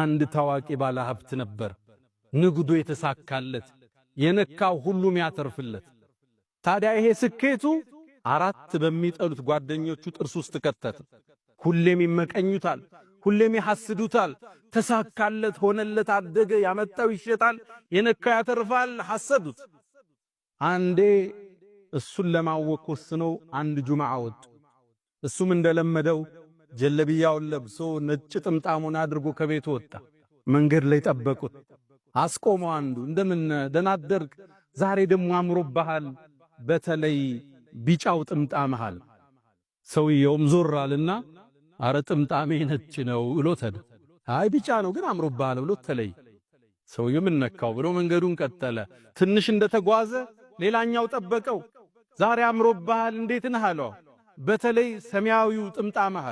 አንድ ታዋቂ ባለ ሀብት ነበር። ንግዱ የተሳካለት የነካው ሁሉም ያተርፍለት። ታዲያ ይሄ ስኬቱ አራት በሚጠሉት ጓደኞቹ ጥርስ ውስጥ ከተተ። ሁሌም ይመቀኙታል፣ ሁሌም ይሐስዱታል። ተሳካለት፣ ሆነለት፣ አደገ፣ ያመጣው ይሸጣል፣ የነካው ያተርፋል፣ ሐሰዱት። አንዴ እሱን ለማወቅ ወስነው አንድ ጁማዓ ወጡ። እሱም እንደለመደው ጀለብያውን ለብሶ ነጭ ጥምጣሙን አድርጎ ከቤቱ ወጣ። መንገድ ላይ ጠበቁት፣ አስቆመው። አንዱ እንደምን ደህና አደርክ፣ ዛሬ ደግሞ አምሮብሃል፣ በተለይ ቢጫው ጥምጣምህ አለ። ሰውየውም ዞር አለና አረ ጥምጣሜ ነጭ ነው ብሎ ተደ አይ ቢጫ ነው ግን አምሮብሃል ብሎ ተለይ። ሰውየው ምን ነካው ብሎ መንገዱን ቀጠለ። ትንሽ እንደተጓዘ ሌላኛው ጠበቀው። ዛሬ አምሮብሃል፣ እንዴት ነህ አለው። በተለይ ሰማያዊው ጥምጣምህ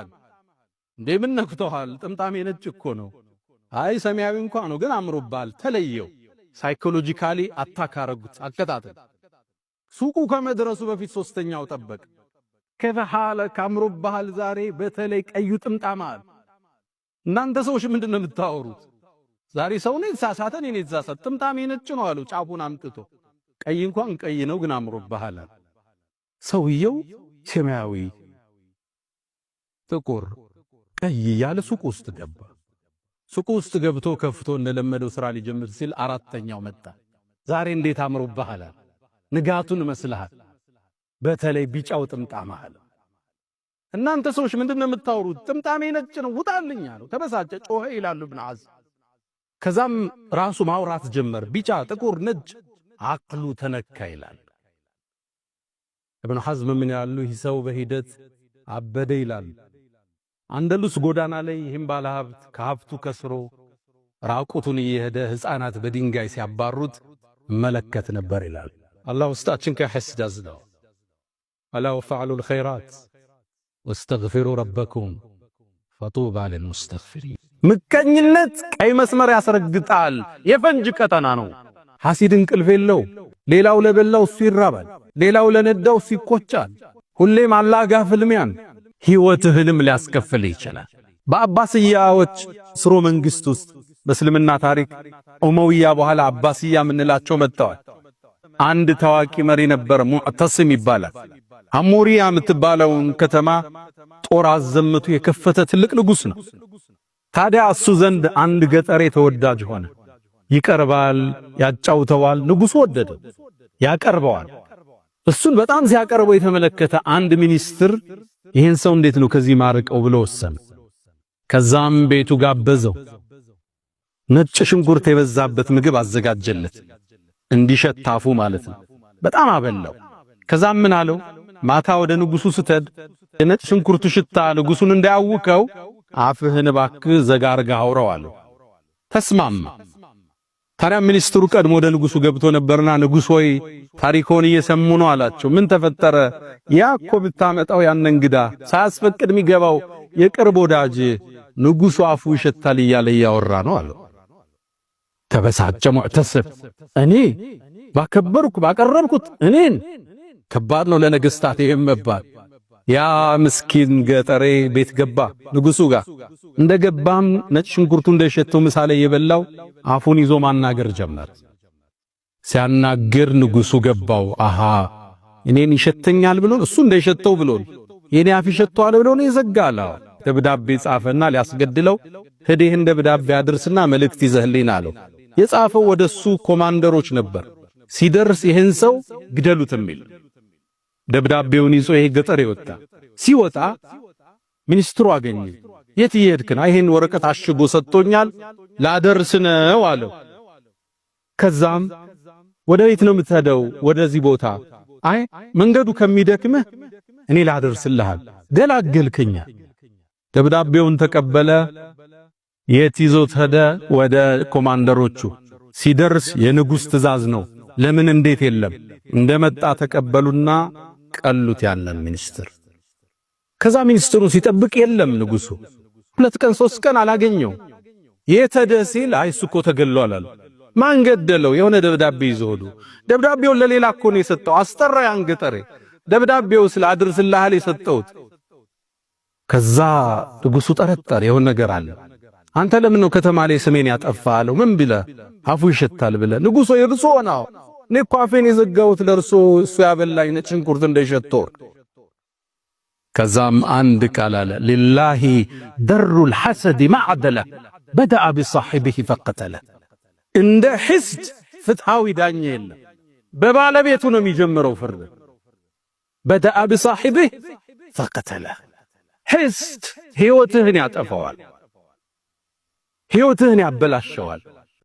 እንዴ ምን ነክቶሃል? ጥምጣሜ ነጭ እኮ ነው። አይ ሰማያዊ እንኳ ነው ግን አምሮባል። ተለየው። ሳይኮሎጂካሊ አታክ አረጉት። አከታተል። ሱቁ ከመድረሱ በፊት ሶስተኛው ጠበቅ ከፈሃለ አምሮባሃል። ዛሬ በተለይ ቀዩ ጥምጣማል። እናንተ ሰዎች ምንድን ነው የምታወሩት? ዛሬ ሰው ነው የተሳሳተ፣ እኔ ነው የተሳሳተ። ጥምጣሜ ነጭ ነው አሉ ጫፉን አምጥቶ። ቀይ እንኳን ቀይ ነው ግን አምሮባሃል። ሰውየው ሰማያዊ ጥቁር ቀይ እያለ ሱቅ ውስጥ ገባ። ሱቅ ውስጥ ገብቶ ከፍቶ እንደለመደው ስራ ሊጀምር ሲል አራተኛው መጣ። ዛሬ እንዴት አምሮብሃል! ንጋቱን መስልሃል። በተለይ ቢጫው ጥምጣም አለ። እናንተ ሰዎች ምንድን ነው የምታወሩት? ጥምጣሜ ነጭ ነው ውጣልኝ አለው። ተበሳጨ፣ ጮኸ ይላሉ ብን አዝ። ከዛም ራሱ ማውራት ጀመር። ቢጫ፣ ጥቁር፣ ነጭ አቅሉ ተነካ ይላል። እብን ሐዝም ምን ያሉ ይህ ሰው በሂደት አበደ ይላል። አንደሉስ ጎዳና ላይ ይህም ባለ ሀብት ከሀብቱ ከስሮ ራቁቱን እየሄደ ሕፃናት በድንጋይ ሲያባሩት መለከት ነበር ይላል። አላህ ውስጣችን ከሐስድ ነው። አላ ወፈዕሉ ልኸይራት ወስተግፊሩ ረበኩም ፈጡባ ልልሙስተግፊሪን። ምቀኝነት ቀይ መስመር ያስረግጣል። የፈንጅ ቀጠና ነው። ሐሲድ እንቅልፍ የለው። ሌላው ለበላው እሱ ይራባል፣ ሌላው ለነዳው እሱ ይቆጫል። ሁሌም አላጋ ፍልሚያን ሕይወትህንም ሊያስከፍልህ ይችላል። በአባስያዎች ስሮ መንግሥት ውስጥ በእስልምና ታሪክ ኡመውያ በኋላ አባስያ የምንላቸው መጥተዋል። አንድ ታዋቂ መሪ ነበር፣ ሙዕተስም ይባላል። አሙሪያ የምትባለውን ከተማ ጦር አዘምቱ የከፈተ ትልቅ ንጉሥ ነው። ታዲያ እሱ ዘንድ አንድ ገጠሬ ተወዳጅ ሆነ። ይቀርባል፣ ያጫውተዋል። ንጉሡ ወደደ፣ ያቀርበዋል። እሱን በጣም ሲያቀርበው የተመለከተ አንድ ሚኒስትር ይህን ሰው እንዴት ነው ከዚህ ማርቀው ብሎ ወሰነ። ከዛም ቤቱ ጋበዘው። ነጭ ሽንኩርት የበዛበት ምግብ አዘጋጀለት እንዲሸታፉ ማለት ነው። በጣም አበላው። ከዛም ምን አለው? ማታ ወደ ንጉሱ ስተድ የነጭ ሽንኩርቱ ሽታ ንጉሱን እንዳያውቀው አፍህን ባክ ዘጋርጋ አውረው አለው። ተስማማ። ታዲያ ሚኒስትሩ ቀድሞ ወደ ንጉሱ ገብቶ ነበርና ንጉሥ ሆይ ታሪኮን እየሰሙ ነው አላቸው። ምን ተፈጠረ? ያ እኮ ብታመጣው ያን እንግዳ ሳያስፈቅድ የሚገባው የቅርብ ወዳጅ ንጉሱ አፉ ይሸታል እያለ እያወራ ነው አለው። ተበሳጨ ሙዕተስብ። እኔ ባከበርኩ ባቀረብኩት እኔን ከባድ ነው ለነገስታት ይሄም መባል ያ ምስኪን ገጠሬ ቤት ገባ ንጉሱ ጋር። እንደ ገባም ነጭ ሽንኩርቱ እንደሸተው ምሳ ላይ የበላው አፉን ይዞ ማናገር ጀመረ። ሲያናግር ንጉሱ ገባው። አሃ እኔን ይሸተኛል ብሎን እሱ እንደሸተው ብሎን የኔ አፍ ይሸተዋል ብሎን ይዘጋላ። ደብዳቤ ጻፈና ሊያስገድለው ሂደህ ደብዳቤ አድርስና መልእክት ይዘህልኝ አለው። የጻፈው ወደሱ ኮማንደሮች ነበር። ሲደርስ ይህን ሰው ግደሉት የሚል ደብዳቤውን ይዞ ይሄ ገጠር ይወጣ። ሲወጣ ሚኒስትሩ አገኘ። የት ይሄድክ ነው? ወረቀት አሽጎ ሰጥቶኛል ላደርስ ነው አለው። ከዛም ወደ ቤት ነው የምትሄደው? ወደዚህ ቦታ። አይ መንገዱ ከሚደክምህ እኔ ላደርስልሃል። ገላገልከኛ። ደብዳቤውን ተቀበለ። የት ይዞት ሄደ? ወደ ኮማንደሮቹ። ሲደርስ የንጉሥ ትእዛዝ ነው። ለምን እንዴት የለም። እንደመጣ ተቀበሉና ቀሉት ያንን ሚኒስትር። ከዛ ሚኒስትሩ ሲጠብቅ የለም ንጉሱ ሁለት ቀን ሶስት ቀን አላገኘው። የተደ ሲል አይ እሱ እኮ ተገሏል አሉ። ማን ገደለው? የሆነ ደብዳቤ ይዞ ሆዱ። ደብዳቤውን ለሌላ እኮ ነው የሰጠው። አስጠራ አንገጠሬ ደብዳቤው ስለ አድርስልሃል የሰጠሁት። ከዛ ንጉሱ ጠረጠር የሆነ ነገር አለ። አንተ ለምን ነው ከተማ ላይ ስሜን ያጠፋ አለው። ምን ብለ አፉ ይሸታል ብለ ንጉሶ ይርሶ ነው እኔ እኮ አፌን የዘጋሁት ለእርሶ እሱ ያበላኝ ነጭ ሽንኩርት እንደሸቶ። ከዛም አንድ ቃል አለ፣ ሊላሂ ደሩል ሐሰድ ማዕደለ በደአ ቢሳሒቢህ ፈቀተለ። እንደ ሐሰድ ፍትሃዊ ዳኛ የለም። በባለቤቱ ነው የሚጀምረው ፍርድ። በደአ ቢሳሒቢህ ፈቀተለ። ሐሰድ ሕይወትህን ያጠፋዋል፣ ሕይወትህን ያበላሸዋል።